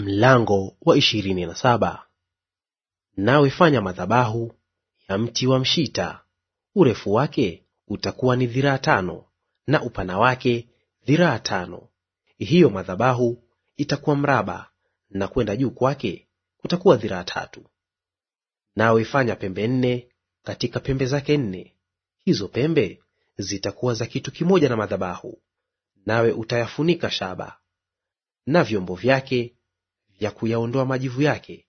Mlango wa ishirini na saba. Nawe fanya madhabahu ya mti wa mshita, urefu wake utakuwa ni dhiraa tano na upana wake dhiraa tano. Hiyo madhabahu itakuwa mraba, na kwenda juu kwake kutakuwa dhiraa tatu. Nawe fanya pembe nne katika pembe zake nne, hizo pembe zitakuwa za kitu kimoja na madhabahu, nawe utayafunika shaba na vyombo vyake ya kuyaondoa majivu yake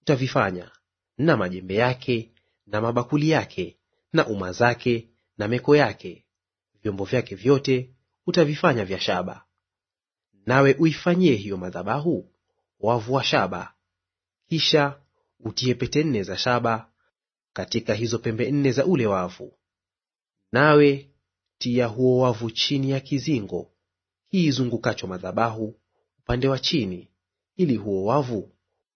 utavifanya, na majembe yake na mabakuli yake na uma zake na meko yake, vyombo vyake vyote utavifanya vya shaba. Nawe uifanyie hiyo madhabahu wavu wa shaba, kisha utie pete nne za shaba katika hizo pembe nne za ule wavu. Nawe tia huo wavu chini ya kizingo kiizungukacho madhabahu upande wa chini ili huo wavu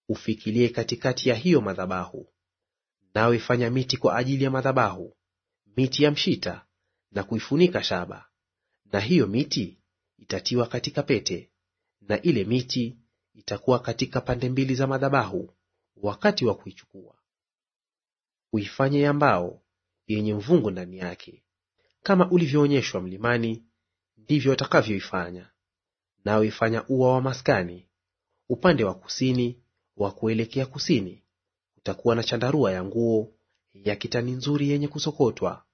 ufikilie katikati ya hiyo madhabahu. Nawe fanya miti kwa ajili ya madhabahu, miti ya mshita na kuifunika shaba, na hiyo miti itatiwa katika pete, na ile miti itakuwa katika pande mbili za madhabahu wakati wa kuichukua. Uifanye ya mbao yenye mvungu ndani yake, kama ulivyoonyeshwa mlimani, ndivyo watakavyoifanya. Nawe ifanya ua wa maskani Upande wa kusini wa kuelekea kusini kutakuwa na chandarua ya nguo ya kitani nzuri yenye kusokotwa.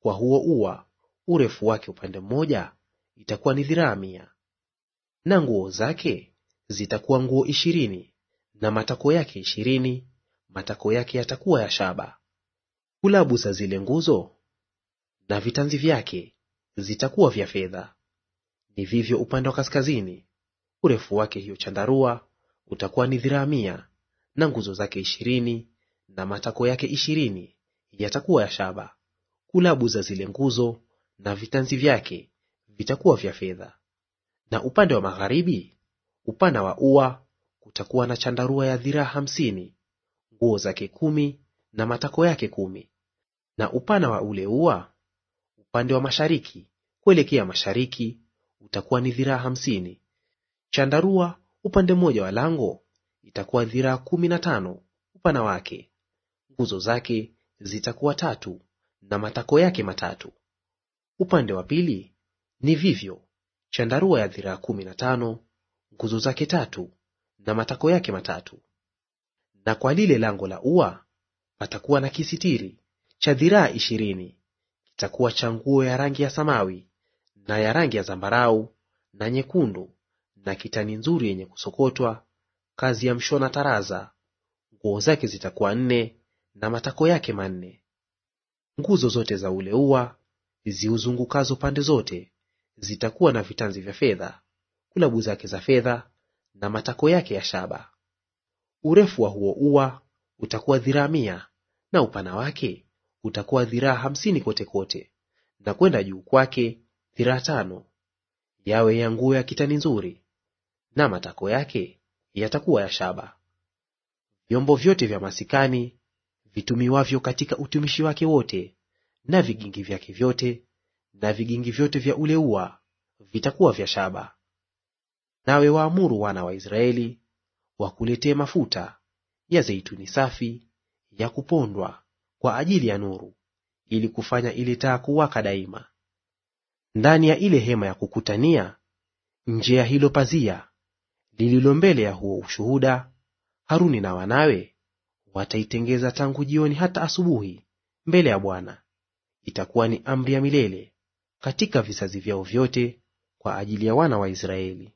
Kwa huo ua urefu wake upande mmoja itakuwa ni dhiraa mia, na nguo zake zitakuwa nguo ishirini na matako yake ishirini. Matako yake yatakuwa ya shaba. Kulabu za zile nguzo na vitanzi vyake zitakuwa vya fedha. Ni vivyo upande wa kaskazini Urefu wake hiyo chandarua utakuwa ni dhiraa mia, na nguzo zake ishirini na matako yake ishirini yatakuwa ya shaba. Kulabu za zile nguzo na vitanzi vyake vitakuwa vya fedha. Na upande wa magharibi, upana wa ua kutakuwa na chandarua ya dhiraa hamsini, nguo zake kumi na matako yake kumi. Na upana wa ule ua upande wa mashariki kuelekea mashariki utakuwa ni dhiraa hamsini Chandarua upande mmoja wa lango itakuwa dhiraa kumi na tano upana wake, nguzo zake zitakuwa tatu na matako yake matatu. Upande wa pili ni vivyo, chandarua ya dhiraa kumi na tano, nguzo zake tatu na matako yake matatu. Na kwa lile lango la ua patakuwa na kisitiri cha dhiraa ishirini, kitakuwa cha nguo ya rangi ya samawi na ya rangi ya zambarau na nyekundu na kitani nzuri yenye kusokotwa, kazi ya mshona taraza. Nguo zake zitakuwa nne na matako yake manne. Nguzo zote za ule ua ziuzungukazo pande zote zitakuwa na vitanzi vya fedha, kulabu zake za fedha na matako yake ya shaba. Urefu wa huo ua utakuwa dhiraa mia na upana wake utakuwa dhiraa hamsini kote kote, na kwenda juu kwake dhiraa tano. Yawe ya nguo ya kitani nzuri na matako yake yatakuwa ya shaba. Vyombo vyote vya masikani vitumiwavyo katika utumishi wake wote, na vigingi vyake vyote, na vigingi vyote vya ule ua vitakuwa vya shaba. Nawe waamuru wana wa Israeli wakuletee mafuta ya zeituni safi ya kupondwa kwa ajili ya nuru, ili kufanya ile taa kuwaka daima. Ndani ya ile hema ya kukutania, nje ya hilo pazia, lililo mbele ya huo ushuhuda, Haruni na wanawe wataitengeza tangu jioni hata asubuhi mbele ya Bwana. Itakuwa ni amri ya milele katika vizazi vyao vyote kwa ajili ya wana wa Israeli.